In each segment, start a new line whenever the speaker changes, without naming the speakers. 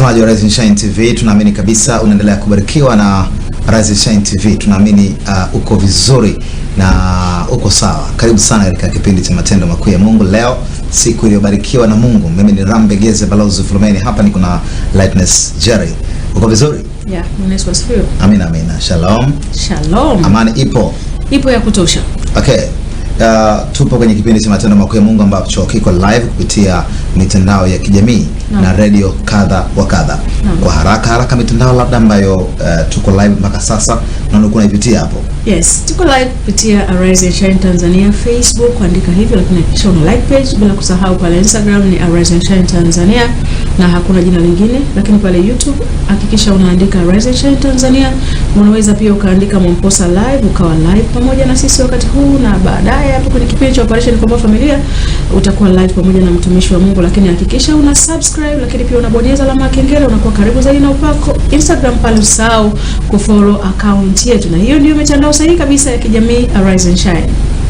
Mtazamaji wa Rising Shine TV, tunaamini kabisa unaendelea kubarikiwa na Rising Shine TV. Tunaamini uh, uko vizuri na uko sawa. Karibu sana katika kipindi cha matendo makuu ya Mungu, leo siku iliyobarikiwa na Mungu. Mimi ni Geze, Balozi Flomeni, hapa niko na Lightness Jerry. Uko vizuri? Yeah, amina amina. Shalom. Shalom. Amani ipo
ipo ya kutosha.
Okay. Uh, tupo kwenye kipindi cha matendo makuu ya Mungu ambacho kiko live kupitia mitandao ya kijamii no. na redio kadha wa kadha no. Kwa haraka haraka mitandao labda ambayo uh, tuko live mpaka sasa, naona kuna ipitia hapo
Yes, tuko live kupitia Arise and Shine Tanzania Facebook, andika hivyo, lakini hakikisha una like page, bila kusahau pale Instagram ni Arise and Shine Tanzania na hakuna jina lingine, lakini pale YouTube hakikisha unaandika Arise and Shine Tanzania. Unaweza pia ukaandika Mwamposa live ukawa live pamoja na sisi wakati huu, na baadaye hapo kwenye kipindi cha Operation Komboa Familia utakuwa live pamoja na mtumishi wa Mungu, lakini hakikisha una subscribe, lakini pia unabonyeza alama ya kengele, unakuwa karibu zaidi na upako Instagram pale, usahau kufollow account yetu, na hiyo ndio mitandao mitandao sahihi kabisa ya kijamii Arise uh, and Shine.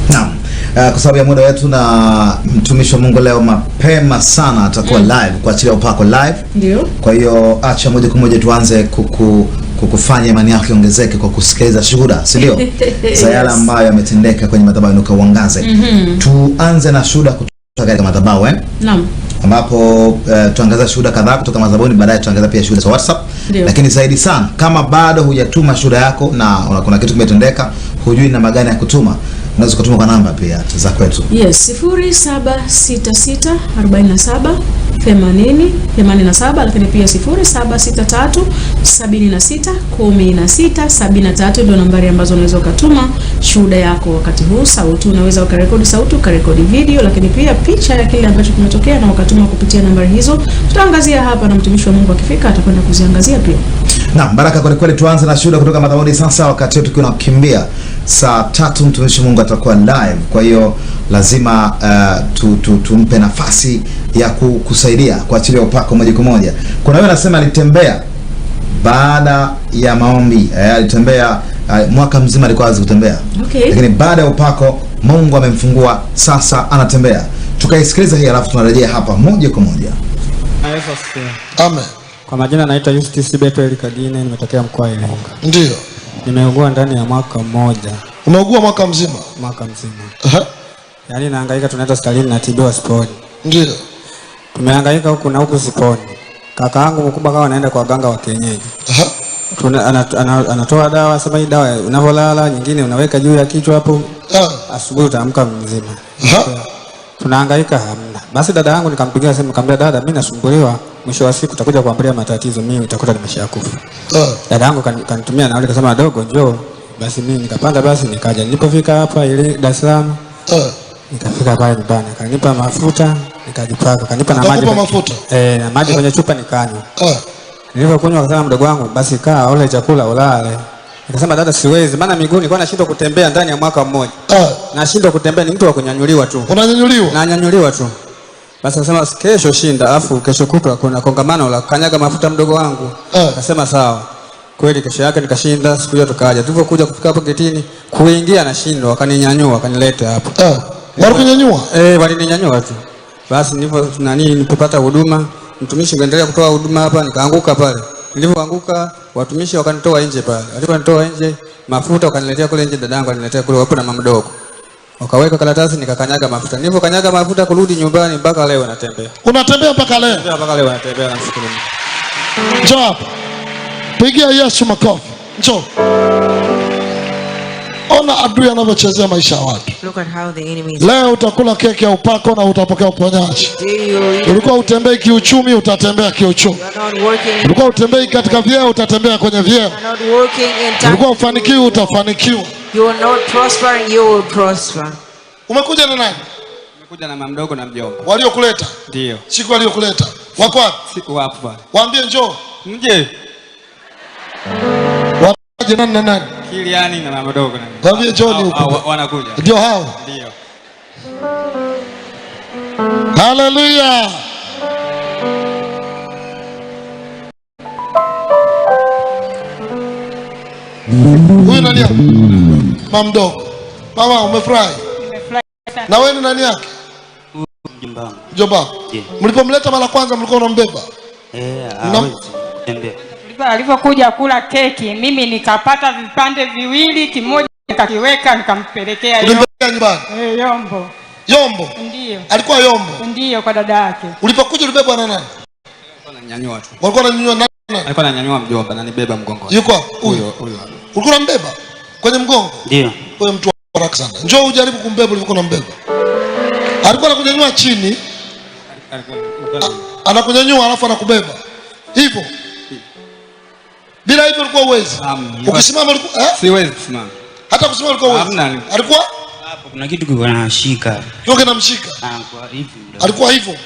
Naam. Uh, kwa sababu ya muda wetu na mtumishi wa Mungu leo mapema sana atakuwa mm. live kwa ajili ya upako live. Ndio. Kwa hiyo acha moja kwa moja tuanze kuku kukufanya imani yako iongezeke kwa kusikiliza shuhuda, si ndio? za yale ambayo yametendeka kwenye madhabahu, kuangaze. mm -hmm. Tuanze na shuhuda kutoka katika madhabahu eh? Naam ambapo uh, eh, tutaangaza shuhuda kadhaa kutoka madhabahuni, baadaye tutaangaza pia shuhuda za so WhatsApp. Ndiyo. Lakini zaidi sana, kama bado hujatuma shuhuda yako na kuna kitu kimetendeka, hujui namna gani ya kutuma unaweza kutuma kwa namba pia za kwetu.
Yes, 0766478087 lakini pia 0763761673 ndio nambari ambazo unaweza ukatuma shuhuda yako wakati huu. Sauti unaweza ukarekodi sauti, ukarekodi video, lakini pia picha ya kile ambacho kimetokea na ukatuma kupitia nambari hizo. Tutaangazia hapa na mtumishi wa Mungu akifika atakwenda kuziangazia pia.
Naam, baraka kwa kweli. Tuanze na shuhuda kutoka madhabahuni sasa, wakati wetu tukiwa nakimbia saa tatu mtumishi Mungu atakuwa live, kwa hiyo lazima uh, tu, tu, tumpe nafasi ya kusaidia kuachilia upako moja kwa moja. Kuna wewe anasema alitembea baada ya maombi eh, alitembea uh, mwaka mzima alikuwa hawezi kutembea okay. Lakini baada ya upako Mungu amemfungua sasa anatembea. Tukaisikiliza hii alafu tunarejea hapa moja kwa moja. Amen.
Kwa majina naitwa Justice Beto Elikagine, nimetokea mkoa wa Iringa. Ndio. Nimeugua ndani ya mwaka mmoja.
Umeugua mwaka mzima? Mwaka mzima. Aha.
Yaani nahangaika, tunaenda hospitalini natibiwa, sponi. Ndio. Tumehangaika huku na huku, sponi. Kaka yangu mkubwa kawa anaenda kwa ganga wa kienyeji. Aha. Tuna, anat, anat, anatoa dawa sema hii dawa unavyolala nyingine unaweka juu ya kichwa hapo. Ah. Asubuhi utaamka mzima. Tunahangaika hamna. Basi dada yangu nikampigia simu, nikamwambia dada, mimi nasumbuliwa mwisho wa siku utakuja kuambulia matatizo, mimi utakuta nimeshakufa. Ah. Dada yangu kanitumia nauli, kasema dogo, njoo basi. Mimi nikapanda basi nikaja. Nilipofika hapa ile Dar es Salaam, ah. nikafika pale nyumbani, akanipa mafuta nikajipaka, kanipa na
maji eh, na
maji ah. kwenye chupa nikanywa. Nilipokunywa akasema, mdogo wangu, basi kaa ole chakula ulale. Nikasema dada, siwezi, maana miguu nilikuwa nashindwa kutembea ndani ya mwaka mmoja, nashindwa kutembea, ni mtu wa kunyanyuliwa tu.
Unanyanyuliwa?
Nanyanyuliwa tu basi nasema kesho shinda, afu kesho kutwa kuna kongamano la kanyaga mafuta mdogo wangu. Nasema eh. sawa. Kweli kesho yake nikashinda, siku hiyo tukaja. Tulipokuja kufika hapo getini, kuingia na shindo wakaninyanyua, wakanileta hapo.
Uh. Walikunyanyua?
Eh, walininyanyua tu. Basi nilipo nani nilipopata huduma, mtumishi kaendelea kutoa huduma hapa, nikaanguka pale. Nilipoanguka watumishi wakanitoa nje pale. Walipo nitoa nje, mafuta wakaniletea kule nje, dadangu aliniletea kule wapo na mama mdogo. Ukaweka karatasi nikakanyaga mafuta. kanyaga mafuta kurudi nyumbani mpaka leo natembea.
Unatembea mpaka leo? Natembea
mpaka leo natembea na siku
nyingi. Njoo hapa. Pigia Yesu makofi. Njoo. Ona adui anavyochezea maisha ya watu. Leo utakula keki ya upako na utapokea uponyaji. Ulikuwa utembei kiuchumi, utatembea kiuchumi. Ulikuwa utembei katika vyeo, utatembea kwenye vyeo. Ulikuwa ufanikiwi, utafanikiwa. You will not prosper, and you will prosper. Umekuja na nani?
Umekuja na mamdogo mdogo na mjomba. Waliokuleta? Ndio.
Siku waliokuleta. Wako wapi?
Siku wapo pale.
Waambie njoo. Mje. Waje nani na nani?
Kiliani na mamdogo na
mjomba. Waambie njoo ni
huko. Wanakuja.
Ndio hao. Ndio. Hallelujah. Unalia mama mdogo, mama, umefurahi? Na wewe ni nani yake? Mjomba. Mlipomleta mara kwanza mlikuwa unambeba?
Eh, alivyokuja kula keki, mimi nikapata vipande viwili, kimoja nikakiweka nikampelekea eh, Yombo. Yombo? Ndio.
Alikuwa Yombo?
Ndio, kwa dada yake.
Ulipokuja ulibebwa na nani?
tu. nani? Alikuwa ananyanyua mjomba, mgongoni.
Yuko huyo huyo ulikuwa unambeba kwenye mgongo? Ndio. Wewe mtu wa haraka sana, njoo ujaribu kumbeba ulivyokuwa unambeba. Alikuwa anakunyanyua chini, anakunyanyua alafu anakubeba hivyo. Bila hivyo ulikuwa uwezi ukisimama, ulikuwa eh?
Siwezi kusimama,
hata kusimama ulikuwa uwezi. Hamna, alikuwa
hapo, kuna kitu kilikuwa kinamshika,
kitu ah, kinamshika. Alikuwa hivyo,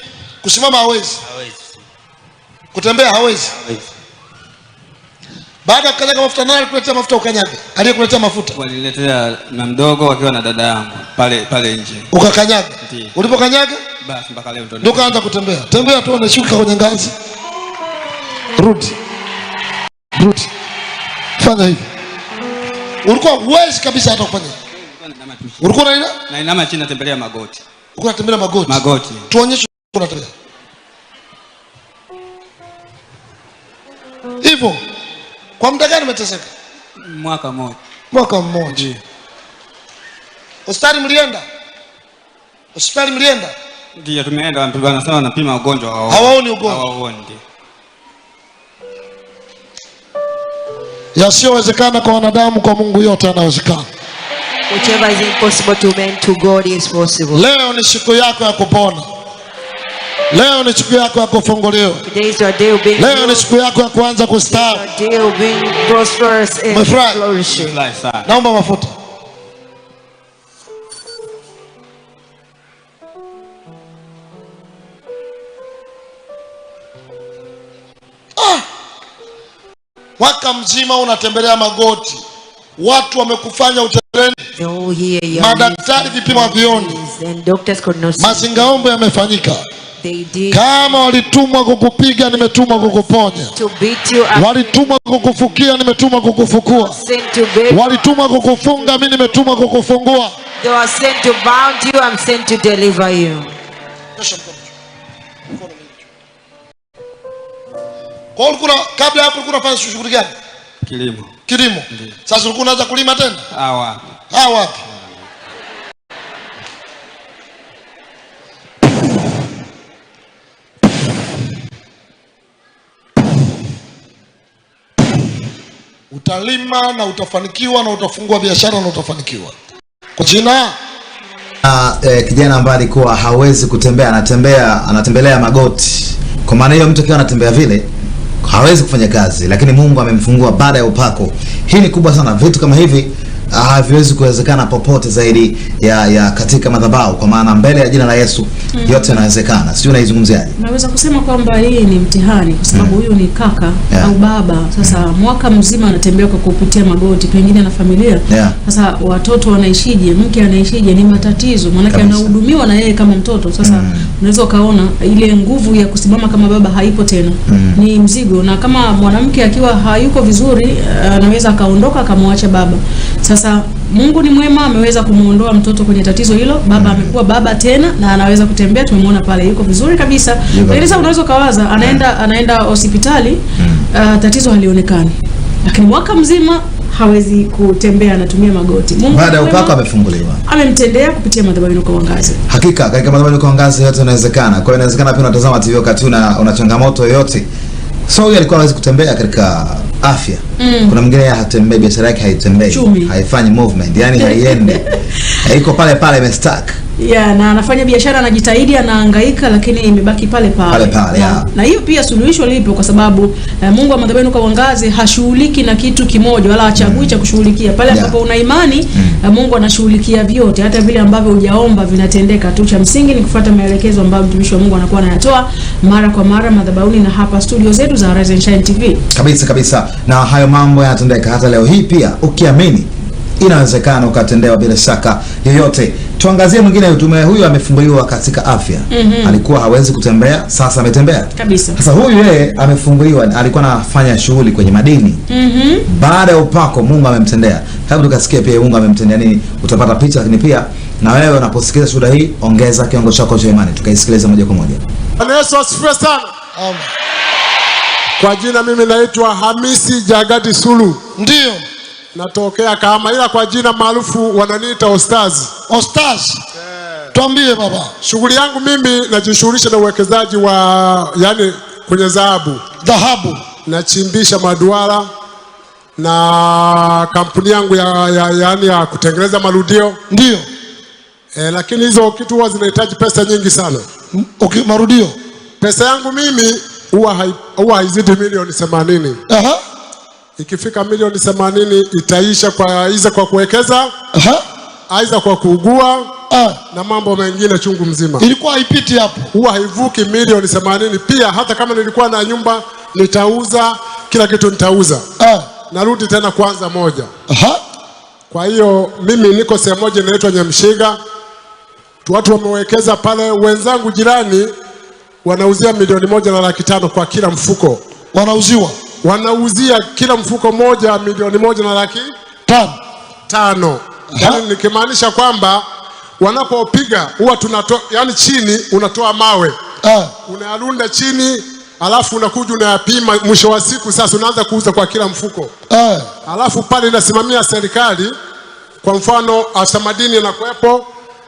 kusimama hawezi, hawezi kutembea, hawezi, hawezi. Baada ya kukanyaga mafuta, nani alikuletea mafuta ukanyaga? Aliyekuletea mafuta waliletea
na mdogo wakiwa na dada yangu pale pale nje,
ukakanyaga. Ulipokanyaga basi, mpaka leo ndio ukaanza kutembea tembea tu, unashuka kwenye ngazi, rudi rudi, fanya hivi. Ulikuwa huwezi kabisa hata kufanya, ulikuwa unaina
na inama chini, natembelea magoti,
ulikuwa unatembelea magoti, magoti. Tuonyeshe unatembea hivyo kwa muda gani umeteseka?
Mwaka mmoja.
Mwaka mmoja. Hospitali mlienda? Hospitali mlienda?
Ndio, tumeenda wanasema wanapima ugonjwa
hao. Hawaoni ugonjwa.
Hawaoni. ndio.
Yasiyowezekana kwa wanadamu, kwa Mungu yote yanawezekana. Leo ni siku yako ya kupona. Leo ni siku yako ya kufunguliwa. Leo ni siku yako ya kuanza kustawi. Naomba mafuta. Ah! Mwaka mzima unatembelea magoti, watu wamekufanya utereni, madaktari vipima vioni, mazingaombo yamefanyika kama walitumwa kukupiga, nimetumwa kukuponya. Walitumwa kukufukia, nimetumwa kukufukua. Walitumwa kukufunga, mi nimetumwa kukufungua. kabla hapo ulikuwa unafanya shughuli gani? Kilimo. Kilimo. Sasa ulikuwa unaweza kulima tena? hawa hawa wapi? utalima na utafanikiwa na utafungua biashara na utafanikiwa kwa jina na, eh, kijana ambaye alikuwa hawezi kutembea anatembea anatembelea magoti. Kwa maana hiyo mtu akiwa anatembea vile hawezi kufanya kazi, lakini Mungu amemfungua baada ya upako. Hii ni kubwa sana, vitu kama hivi Ah, haviwezi kuwezekana popote zaidi ya, ya katika madhabahu, kwa maana mbele ya jina la Yesu mm. yote yanawezekana. Sio, unaizungumziaje?
Naweza kusema kwamba hii ni mtihani kwa sababu mm. huyu mm. ni kaka yeah. au baba. Sasa yeah. Mm. mwaka mzima anatembea kwa kupitia magoti, pengine na familia yeah. Sasa watoto wanaishije? Mke anaishije? Ni matatizo, maanake anahudumiwa na yeye kama mtoto. Sasa mm. unaweza ukaona ile nguvu ya kusimama kama baba haipo tena mm. ni mzigo, na kama mwanamke akiwa hayuko vizuri eh, anaweza akaondoka akamwacha baba. Sasa sasa Mungu ni mwema, ameweza kumuondoa mtoto kwenye tatizo hilo. Baba amekuwa baba tena na anaweza kutembea, tumemwona pale yuko vizuri kabisa. Lakini sasa unaweza ukawaza, anaenda mm. anaenda hospitali mm. uh, tatizo halionekani, lakini mwaka mzima hawezi kutembea, anatumia magoti.
Baada ya upako amefunguliwa,
amemtendea kupitia madhabahu kwa wangazi.
Hakika katika madhabahu kwa wangazi yote inawezekana. Kwa hiyo inawezekana pia unatazama TV wakati una, una changamoto yoyote So huyu alikuwa hawezi kutembea katika afya. Mm. Kuna mwingine hatembei, biashara yake haitembei, haifanyi movement, yani haiende. Haiko pale pale imestuck.
Yeah, na anafanya biashara, anajitahidi, anahangaika, lakini imebaki pale pale pale pale, yeah. Na hiyo pia suluhisho lipo, kwa sababu eh, Mungu wa kwa kauangaze hashughuliki na kitu kimoja, wala hachagui mm. cha kushughulikia pale ambapo yeah. una imani mm. eh, Mungu anashughulikia vyote, hata vile ambavyo hujaomba vinatendeka tu. Cha msingi ni kufuata maelekezo ambayo mtumishi wa Mungu anakuwa anayatoa mara kwa mara madhabahuni na hapa studio zetu za Rise and Shine TV.
Kabisa kabisa, na hayo mambo yanatendeka hata leo hii pia, ukiamini inawezekana ukatendewa bila shaka yoyote. Tuangazie mwingine, mtume huyu amefunguliwa katika afya mm -hmm. Alikuwa hawezi kutembea, sasa ametembea kabisa. Sasa huyu yeye amefunguliwa, alikuwa anafanya shughuli kwenye madini mm -hmm. Baada ya upako Mungu amemtendea. Hebu tukasikie pia Mungu amemtendea nini, utapata picha, lakini pia na wewe unaposikiliza shuhuda hii ongeza kiwango chako cha imani, tukaisikiliza moja kwa moja. Bwana Yesu asifiwe sana. Amen. Kwa jina mimi naitwa Hamisi Jagadi Sulu. Ndio natokea kama, ila kwa jina maarufu wananiita Ostaz. Ostaz, yeah. Tuambie baba. Shughuli yangu mimi najishughulisha na uwekezaji wa yani kwenye dhahabu, dhahabu nachimbisha maduara na kampuni yangu ya, ya, yani ya kutengeneza marudio ndio. E, lakini hizo kitu huwa zinahitaji pesa nyingi sana. Okay, marudio pesa yangu mimi huwa haizidi milioni 80 Aha ikifika milioni 80 itaisha kwa iza kwa kuwekeza aiza kwa kuugua Aa. Ah. na mambo mengine chungu mzima, ilikuwa haipiti hapo, huwa haivuki milioni 80. Pia hata kama nilikuwa na nyumba nitauza, kila kitu nitauza, ah. narudi tena kwanza moja. Aha. Kwa hiyo mimi niko sehemu moja inaitwa Nyamshiga, watu wamewekeza pale, wenzangu jirani wanauzia milioni moja na laki tano kwa kila mfuko, wanauziwa wanauzia kila mfuko moja milioni moja na laki tano, tano. Yani nikimaanisha kwamba wanapopiga huwa tunatoa yani chini unatoa mawe ah. unayalunda chini alafu unakuja unayapima, mwisho wa siku sasa unaanza kuuza kwa kila mfuko ha. Ah. Alafu pale inasimamia serikali, kwa mfano afisa madini anakuwepo,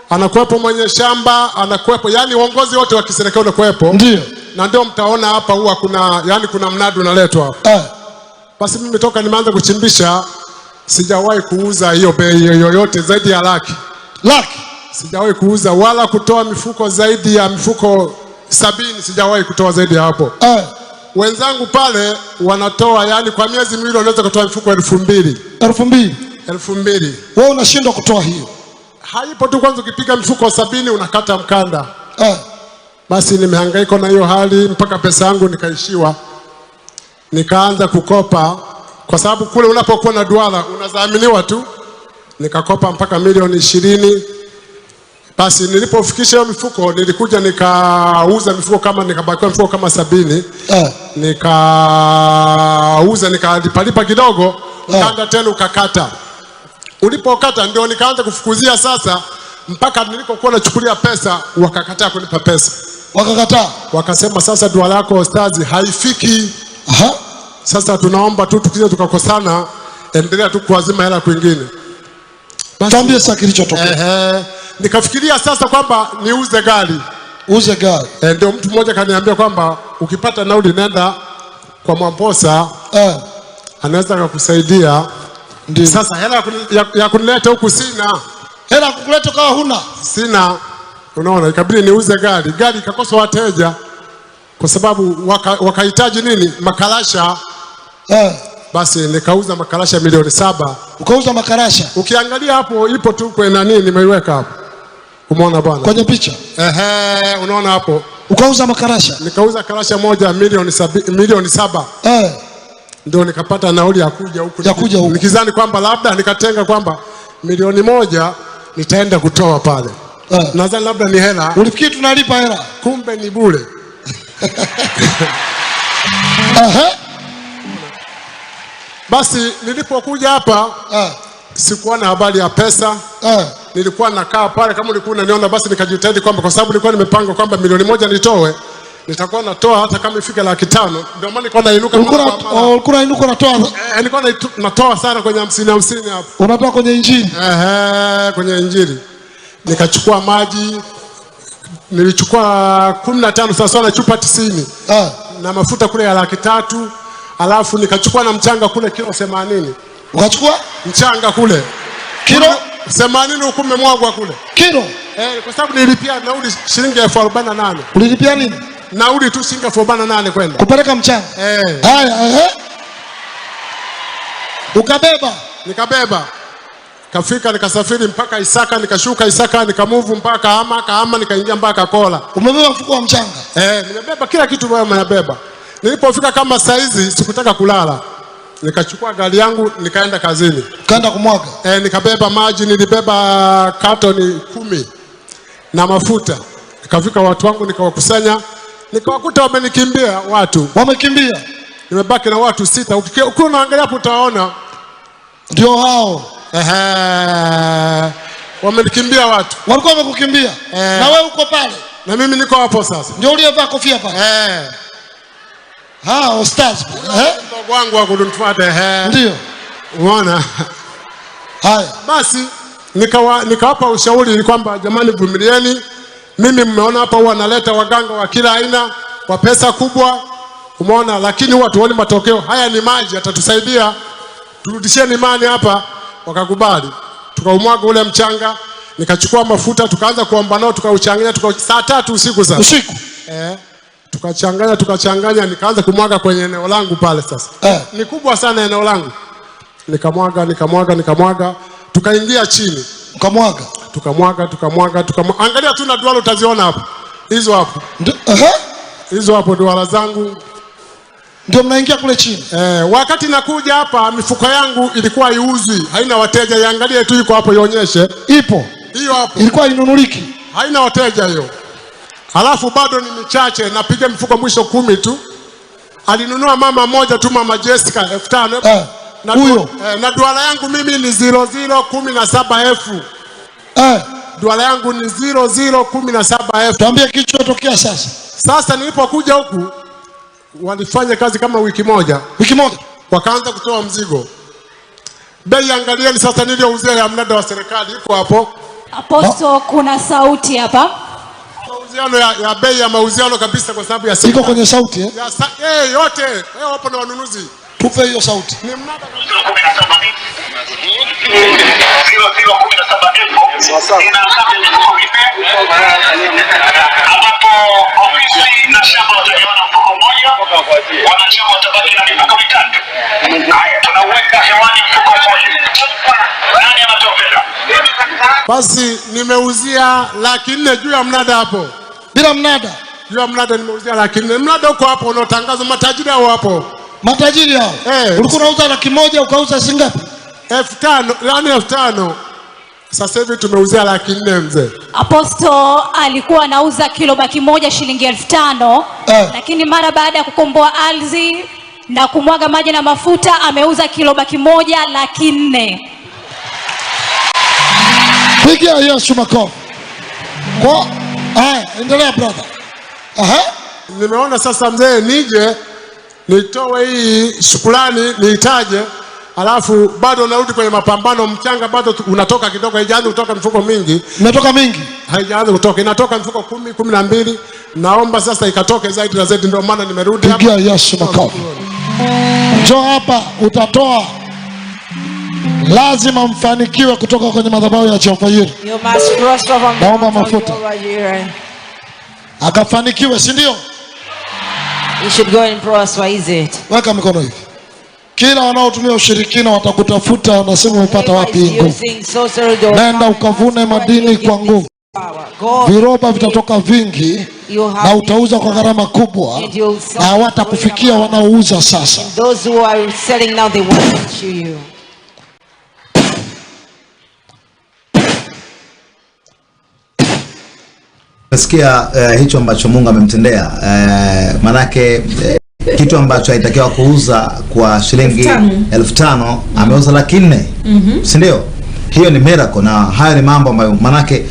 anakuwepo mwenye shamba anakuwepo, yani uongozi wote wa kiserikali unakuwepo, ndio na ndio mtaona hapa huwa kuna yani, kuna mnadi unaletwa hapa eh. Basi mimi toka nimeanza kuchimbisha sijawahi kuuza hiyo bei yoyote zaidi ya laki laki, sijawahi kuuza wala kutoa mifuko zaidi ya mifuko sabini, sijawahi kutoa zaidi ya hapo eh. Wenzangu pale wanatoa yani, kwa miezi miwili wanaweza kutoa mifuko elfu mbili elfu mbili elfu mbili wewe unashindwa kutoa hiyo. Haipo tu, kwanza ukipiga mifuko sabini unakata mkanda eh. Basi nimehangaika na hiyo hali mpaka pesa yangu nikaishiwa, nikaanza kukopa, kwa sababu kule unapokuwa na duara unadhaminiwa tu. Nikakopa mpaka milioni ishirini. Basi nilipofikisha hiyo mifuko, nilikuja nikauza mifuko kama, nikabakiwa mifuko kama sabini eh. Nikauza nikalipalipa kidogo eh. Ukaenda tena ukakata, ulipokata ndio nikaanza kufukuzia sasa, mpaka nilikokuwa nachukulia pesa wakakataa kunipa pesa wakakataa, wakasema sasa dua lako ustazi haifiki. Aha. Sasa tunaomba tu tukija tukakosana, endelea tu kuazima hela kwingine. Tuambie sasa kilichotokea. Nikafikiria sasa kwamba niuze gari, uze gari. E, ndio mtu mmoja kaniambia kwamba ukipata nauli nenda kwa Mwamposa eh, anaweza akakusaidia. Ndio sasa hela ya kunileta huku sina, hela kukuleta kawa huna, sina Unaona, ikabidi niuze gari, gari ikakosa wateja kwa sababu wakahitaji waka nini makarasha eh. Basi nikauza makarasha milioni saba. Ukauza makarasha, ukiangalia hapo ipo tu kwa nani, nimeiweka hapo, umeona bwana kwenye picha ehe, unaona hapo. Ukauza makarasha, nikauza karasha moja milioni sabi, milioni saba eh. Ndio nikapata nauli ya kuja huku ya kuja huku nikizani kwamba labda nikatenga kwamba milioni moja nitaenda kutoa pale uh, nadhani labda ni hela. Ulifikiri tunalipa hela, kumbe ni bure. Aha. Basi nilipokuja hapa eh. sikuwa na habari ya pesa uh, nilikuwa nakaa pale kama ulikuwa unaniona, basi nikajitahidi kwamba kwa sababu nilikuwa nimepanga kwamba milioni moja nitoe nitakuwa natoa hata kama ifike laki tano. Ndio maana nilikuwa nainuka, ulikuwa oh, nainuka unatoa, eh, nilikuwa natoa sana kwenye hamsini hamsini hapo, unatoa kwenye injili, eh, kwenye injili nikachukua maji nilichukua kumi na tano sawasawa na chupa tisini ah. na mafuta kule ya laki tatu alafu nikachukua na mchanga kule kilo themanini ukachukua mchanga kule kilo themanini huku mmemwagwa kule kilo eh, kwa sababu nilipia nauli shilingi elfu arobaini na nane ulilipia nini nauli tu shilingi elfu arobaini na nane kwenda kupeleka mchanga eh. haya eh. ukabeba nikabeba Kafika nikasafiri mpaka Isaka, nikashuka Isaka, nikamuvu mpaka ama kama nikaingia mpaka Kola. Umebeba mfuko wa mchanga? Eh, nimebeba kila kitu mimi nabeba. Nilipofika kama saa hizi, sikutaka kulala. Nikachukua gari yangu nikaenda kazini. Kaenda kumwaga. Eh, nikabeba maji, nilibeba katoni kumi na mafuta. Nikafika watu wangu nikawakusanya, nikawakuta wamenikimbia watu. Wamekimbia. Nimebaki na watu sita. Ukiona unaangalia hapo utaona ndio hao wamenikimbia watu, walikuwa wamekukimbia eh. na wewe uko pale na mimi niko hapo sasa. Ndio uliyevaa kofia pale eh. Ah, ustaz ndugu eh? wangu wa eh, ndio unaona haya. Basi nikawa nikawapa ushauri ni kwamba jamani, vumilieni. Mimi mmeona hapa huwa naleta waganga wa kila aina kwa pesa kubwa, umeona, lakini huwa tuone matokeo. Haya ni maji, atatusaidia turudisheni imani hapa wakakubali, tukaumwaga ule mchanga, nikachukua mafuta, tukaanza kuomba nao, tukauchanganya tuka, saa tatu usiku sasa usiku eh, tukachanganya tukachanganya, nikaanza kumwaga kwenye eneo langu pale. Sasa eh, ni kubwa sana eneo langu, nikamwaga nikamwaga nikamwaga, tukaingia chini, ukamwaga tukamwaga tukamwaga tukamwaga. Angalia tu na duara utaziona hapo, hizo hapo hizo hapo duara zangu ndio mnaingia kule chini. Eh, wakati nakuja hapa mifuko yangu ilikuwa iuzi, haina wateja. Iangalie tu iko hapo, ionyeshe ipo. Hiyo hapo ilikuwa inunuliki, haina wateja hiyo. Halafu bado ni michache, napiga mifuko mwisho kumi tu. Alinunua mama moja tu, mama Jessica elfu tano eh, na, huyo. Eh, na duara yangu mimi ni ziro ziro kumi na saba elfu eh. Duara yangu ni ziro ziro kumi na saba elfu. Tuambie kichotokea sasa. Sasa nilipokuja huku walifanya kazi kama wiki moja, wiki moja wakaanza kutoa mzigo. Bei angalieni sasa niliyouzia ya mnada wa serikali iko hapo.
Aposto, kuna sauti hapa.
Mauziano ya, ya bei ya mauziano kabisa kwa sababu ya iko kwenye sauti eh? Ya, sa, hey, eh, yote hey, wapo na wanunuzi Tupe hiyo sauti. Ambapo ofisi na shamba watagawana mfuko mmoja, wanachama watabaki na mifuko mitatu. Haya, tunaweka hewani mfuko mmoja. Nani Basi nimeuzia laki nne juu ya mnada hapo, bila mnada juu ya mnada nimeuzia laki nne. Mnada uko hapo unaotangaza, matajiri hao hapo matajiri hao eh. Ulikuwa unauza laki moja ukauza shilingi ngapi? elfu tano lani elfu tano sasa hivi tumeuzia laki nne mzee.
Aposto alikuwa anauza kilo baki moja shilingi elfu tano eh. Lakini mara baada ya kukomboa ardhi na kumwaga maji na mafuta ameuza kilo baki moja laki nne.
Pigia Yesu makofi. Kwa eh, endelea brother. Aha. Nimeona sasa mzee nije nitoe hii shukrani niitaje, alafu bado narudi kwenye mapambano. Mchanga bado unatoka kidogo, haijaanza kutoka mifuko mingi, inatoka mingi, haijaanza kutoka, inatoka mifuko kumi, kumi na mbili. Naomba sasa ikatoke zaidi na zaidi, ndio maana nimerudi hapa. Yesu makofi. Njoo hapa, utatoa lazima mfanikiwe kutoka kwenye madhabahu ya Jehova
Naomba mafuta
akafanikiwe, si ndio?
You should go and prosper it.
Weka mikono hivi. Kila wanaotumia ushirikina watakutafuta, simu umepata wapi nguvu? Nenda ukavune madini kwa nguvu. Viroba vitatoka vingi na utauza kwa gharama kubwa, na hawatakufikia wanaouza sasa. Nasikia uh, hicho ambacho Mungu amemtendea uh, manake uh, kitu ambacho alitakiwa kuuza kwa shilingi elfu tano ameuza laki nne mm -hmm. si ndio? Hiyo ni miracle, na hayo ni mambo ambayo manake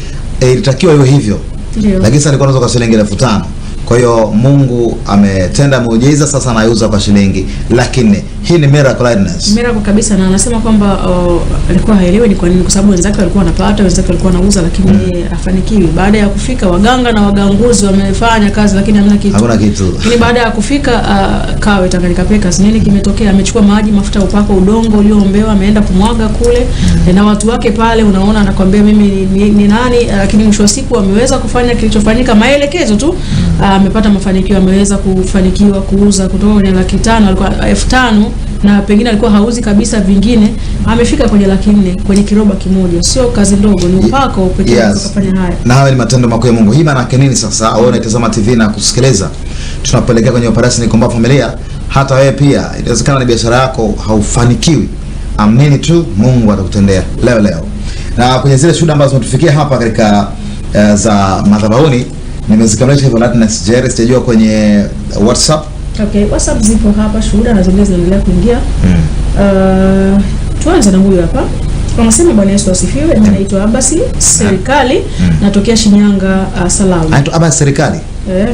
ilitakiwa uh, iwe hivyo, lakini sasa alikuwa anauza kwa shilingi elfu tano. Kwa hiyo Mungu ametenda muujiza, sasa anaiuza kwa shilingi laki nne. Hii ni miracle Agnes.
Miracle kabisa na anasema kwamba oh, alikuwa haelewi ni kwa nini, kwa sababu wenzake walikuwa wanapata, wenzake walikuwa wanauza, lakini mm. yeye mm. hafanikiwi. Baada ya kufika waganga na waganguzi wamefanya kazi, lakini hamna
kitu. Hakuna kitu. Lakini baada ya kufika uh, Kawe Tanganyika Packers,
nini kimetokea? Amechukua maji, mafuta, upako, udongo ulioombewa, ameenda kumwaga kule mm. na watu wake pale, unaona anakwambia mimi ni, ni, ni nani, ah, lakini mwisho wa siku ameweza kufanya kilichofanyika, maelekezo tu mm. Ah, amepata mm. uh, mafanikio, ameweza kufanikiwa kuuza kutoka kwenye laki tano alikuwa elfu tano na pengine alikuwa hauzi kabisa vingine, amefika kwenye laki nne kwenye kiroba kimoja. Sio kazi ndogo, ni upako pekee yes. Kufanya haya
na hayo ni matendo makuu ya Mungu. Hii maana yake nini sasa? Wewe unaitazama TV na kusikiliza, tunapelekea kwenye operation ni kwamba familia, hata wewe pia inawezekana ni biashara yako haufanikiwi. Amini tu Mungu atakutendea leo leo. Na kwenye zile shuhuda ambazo zimetufikia hapa katika uh, za madhabahuni nimezikamilisha hivyo, Jerry, sijajua kwenye WhatsApp
Okay, WhatsApp zipo hapa, shuhuda na zingine zinaendelea kuingia. Hmm. Uh, tuanze na huyu hapa. anasema Bwana Yesu asifiwe. Mimi naitwa Abasi Serikali, hmm. Hmm. natokea Shinyanga uh, Salamu.
Anaitwa Abasi Serikali. Eh.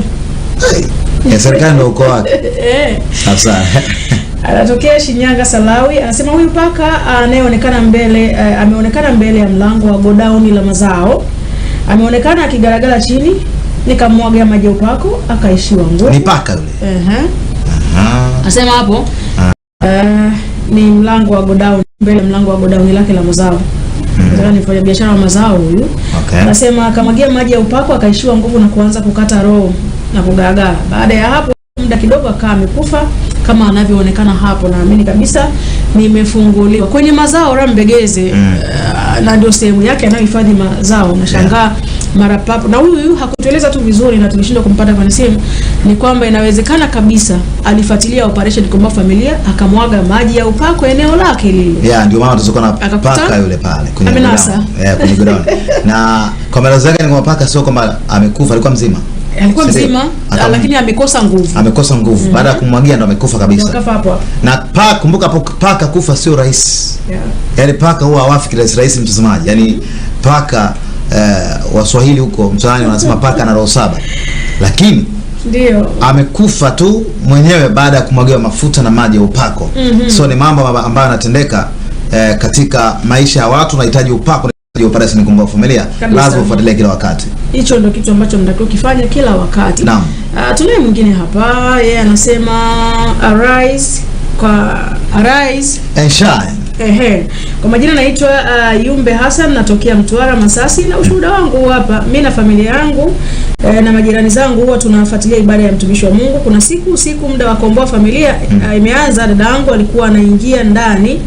Hey, serikali ndio uko wapi? Eh. Sasa.
Anatokea Shinyanga Salawi. Anasema huyu paka anayeonekana mbele uh, ameonekana mbele ya mlango wa godauni la mazao. Ameonekana akigaragara chini nikamwaga maji upako akaishiwa nguvu.
Ni paka yule. eh.
Aha. Asema hapo. Uh, ni mlango wa godown mbele, mlango wa godown lake la mazao. Hmm. Nataka Ni nifanye biashara wa mazao huyu. Okay. Anasema akamwagia maji ya upako akaishiwa nguvu na kuanza kukata roho na kugagaa. Baada ya hapo muda kidogo akawa amekufa kama anavyoonekana hapo, naamini kabisa nimefunguliwa kwenye mazao ra mbegeze. mm. Uh, eh, na ndio sehemu yake anayohifadhi mazao. Nashangaa yeah mara papo. Na huyu huyu hakutueleza tu vizuri na tulishindwa kumpata simu, ni kwamba inawezekana kabisa alifuatilia operation kwa familia akamwaga maji ya upako eneo lake lile.
Yeah, ndio maana tuzokuwa na paka yule pale kwenye ground. Yeah, kwenye ground. Na kwa maelezo yake ni kwamba paka sio kwamba amekufa, alikuwa mzima.
Alikuwa mzima Ata, lakini amekosa nguvu.
Amekosa nguvu. Mm. -hmm. Baada ya kumwagia ndo amekufa kabisa. Amekufa hapo. Na paka kumbuka hapo paka kufa sio rahisi. Yeah. Yaani paka huwa hawafi kirahisi rahisi mtazamaji. Yaani paka uh, Waswahili huko mtaani wanasema paka na roho saba, lakini ndio amekufa tu mwenyewe baada ya kumwagiwa mafuta na maji ya upako. mm -hmm. So ni mambo ambayo yanatendeka eh, katika maisha ya watu. nahitaji upako, unahitaji familia, lazima ufuatilie kila wakati.
Hicho ndio kitu ambacho mnatakiwa kufanya kila wakati. Naam. Uh, tunaye mwingine hapa, yeye yeah, anasema arise kwa arise
and shine
Ehe, kwa majina naitwa uh, Yumbe Hassan natokea Mtwara Masasi, na ushuhuda wangu hapa, mi na familia yangu eh, na majirani zangu huwa tunafuatilia ibada ya mtumishi wa Mungu. Kuna siku usiku muda wa kuomboa familia uh, imeanza, dada yangu alikuwa anaingia ndani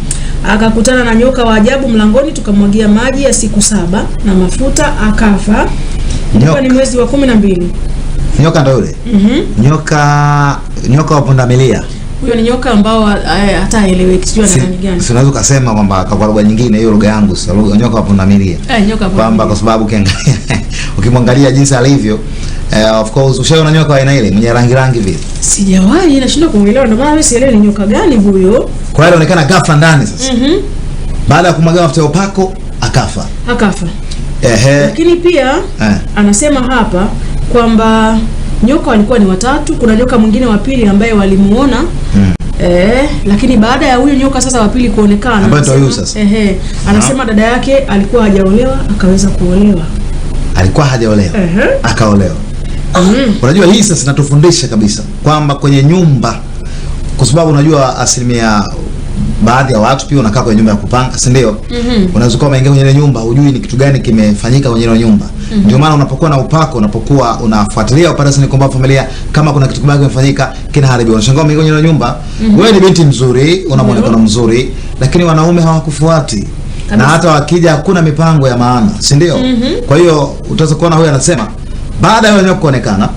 akakutana na nyoka wa ajabu mlangoni, tukamwagia maji ya siku saba na mafuta akafa. Ilikuwa ni mwezi wa kumi na mbili.
Nyoka ndio yule? Mhm. Mm, nyoka nyoka wa pundamilia
huyo ni nyoka ambao eh, hata haeleweki, sio ana rangi gani.
Unaweza ukasema kwamba kwa lugha nyingine, hiyo lugha yangu sasa, nyoka hapo na milia eh, nyoka hapo kwamba kwa sababu ukiangalia ukimwangalia jinsi alivyo eh, of course ushaona nyoka aina ile mwenye rangi rangi vile?
Sijawahi, nashindwa kumuelewa, ndio maana mimi sielewi ni nyoka gani huyo.
Kwa hiyo inaonekana kafa ndani sasa. Mhm. Mm Baada ya kumwaga mafuta ya upako akafa.
Akafa. Ehe. Lakini pia eh, anasema hapa kwamba nyoka walikuwa ni watatu. Kuna nyoka mwingine wa pili ambaye walimuona mm. Eh, lakini baada ya huyo nyoka sasa wa pili kuonekana anasema, ehe, anasema Dada yake alikuwa hajaolewa akaweza kuolewa,
alikuwa hajaolewa ehe, akaolewa. Mm. Unajua hii sasa inatufundisha kabisa kwamba kwenye nyumba, kwa sababu unajua asilimia baadhi ya watu pia unakaa kwenye nyumba ya kupanga, si ndio? mm -hmm. Unaweza kuwa umeingia kwenye nyumba hujui ni kitu gani kimefanyika kwenye nyumba -hmm. Ndio maana unapokuwa na upako, unapokuwa unafuatilia operation kwamba familia, kama kuna kitu kibaya kimefanyika kinaharibiwa, unashangaa mimi kwenye nyumba mm -hmm. Wewe ni binti mzuri, una muonekano mhm. mzuri, lakini wanaume hawakufuati Kabisa. Na hata wakija hakuna mipango ya maana, si ndio? mm -hmm. Kwa hiyo utaweza kuona huyu anasema baada ya kuonekana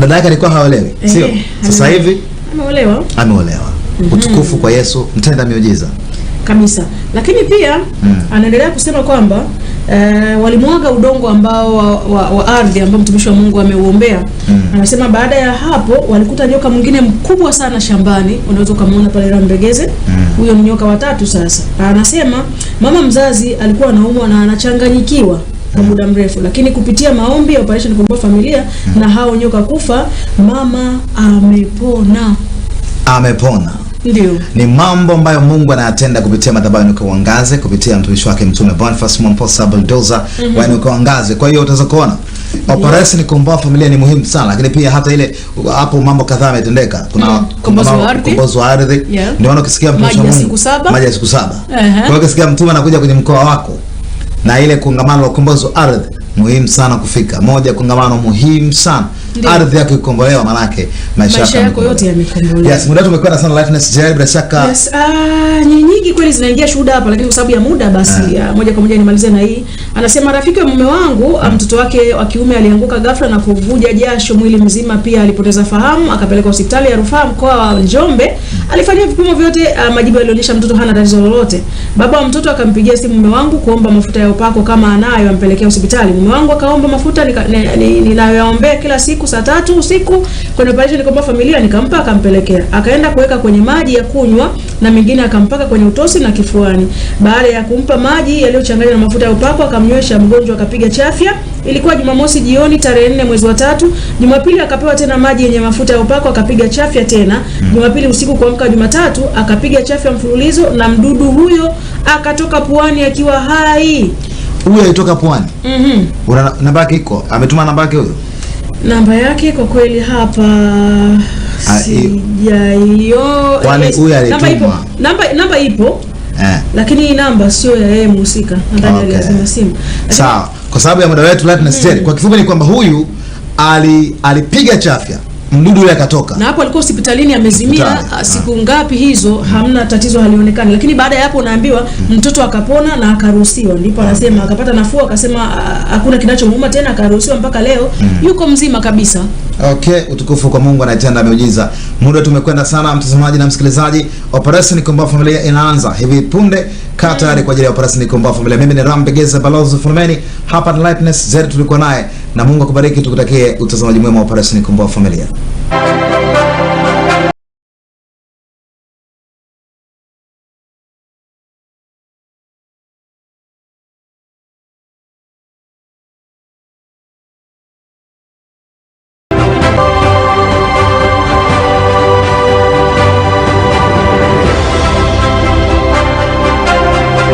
dada yake alikuwa haolewi, eh, sio? Eh, sasa hivi ameolewa, ameolewa. mm -hmm. Utukufu kwa Yesu, mtenda miujiza
kabisa. Lakini pia mm. anaendelea kusema kwamba Uh, walimwaga udongo ambao wa, wa, wa ardhi ambao mtumishi wa Mungu ameuombea. Mm. Anasema baada ya hapo walikuta nyoka mwingine mkubwa sana shambani, unaweza ukamwona pale Rambegeze. Hmm. Huyo mm. ni nyoka watatu sasa. Anasema mama mzazi alikuwa anaumwa na anachanganyikiwa kwa hmm. muda mrefu, lakini kupitia maombi ya operation kwa familia mm. na hao nyoka kufa, mama amepona.
Amepona. Ndiyo. Ni mambo ambayo Mungu anayatenda kupitia madhabahu ya Uangaze, kupitia mtumishi wake Mtume Boniface Mwamposa Buldoza mm -hmm. Yaani wa Inuka Uangaze. Kwa hiyo utaweza kuona operation yeah. Kuomboa familia ni muhimu sana, lakini pia hata ile hapo mambo kadhaa yametendeka. Kuna mm. ukombozi wa ardhi yeah. Ndio maana ukisikia mtumishi wa Mungu maji ya siku saba, Uh -huh. Kwa hiyo ukisikia mtume anakuja kwenye mkoa wako na ile kongamano la ukombozi wa ardhi muhimu sana kufika moja, kongamano muhimu sana ardhi yako ikombolewa, manake maisha, yako yote yamekombolewa. Yes, muda wetu na sana Lightness jail bila shaka.
Yes, ah, nyingi kweli zinaingia shuhuda hapa, lakini kwa sababu ya muda basi eh. ah, moja kwa moja nimalize na hii Anasema rafiki wa mume wangu ah, mtoto wake wa kiume alianguka ghafla na kuvuja jasho mwili mzima, pia alipoteza fahamu, akapelekwa hospitali ya rufaa mkoa wa Njombe. Alifanyia vipimo vyote, uh, majibu yalionyesha mtoto hana tatizo lolote. Baba wa mtoto akampigia simu mume wangu kuomba mafuta ya upako kama anayo ampelekea hospitali. Mume wangu akaomba mafuta ninayoyaombea ni, ni, kila siku saa tatu usiku kwenye operation nilikomba familia, nikampa akampelekea, akaenda kuweka kwenye maji ya kunywa na mengine akampaka kwenye utosi na kifuani. Baada ya kumpa maji yaliyochanganywa na mafuta ya upako akamnywesha mgonjwa, akapiga chafya. Ilikuwa Jumamosi jioni tarehe nne mwezi wa tatu. Jumapili akapewa tena maji yenye mafuta ya upako akapiga chafya tena. Jumapili usiku kuamka Jumatatu akapiga chafya mfululizo na mdudu huyo akatoka puani akiwa hai.
Huyo alitoka puani. Mhm. Mm namba yake iko? Ametuma namba yake huyo?
Namba yake kwa kweli hapa
sijaiona. Ah, eh, huyu alitumwa
namba, namba ipo eh. lakini hii namba sio ya yeye mhusika, nadhani okay, alizima simu
sawa. Kwa sababu ya muda wetu, lazima mm. Kwa kifupi ni kwamba huyu ali- alipiga chafya mdudu yule akatoka,
na hapo alikuwa hospitalini amezimia ah, siku ngapi hizo, hamna tatizo halionekani. Lakini baada ya hapo unaambiwa mtoto akapona na akaruhusiwa, ndipo anasema Akapata nafuu akasema ah, hakuna kinachomuuma tena, akaruhusiwa mpaka leo hmm. Yuko mzima kabisa.
Okay, utukufu kwa Mungu anayetenda miujiza. Muda tumekwenda sana, mtazamaji na msikilizaji. Operation Komboa Familia inaanza hivi punde. Kaa hmm. tayari kwa ajili ya Operation Komboa Familia. Mimi ni Rambegeza Balozi Fulmeni hapa na Lightness Z tulikuwa naye na Mungu akubariki, tukutakie utazamaji mwema wa Operesheni Komboa Familia.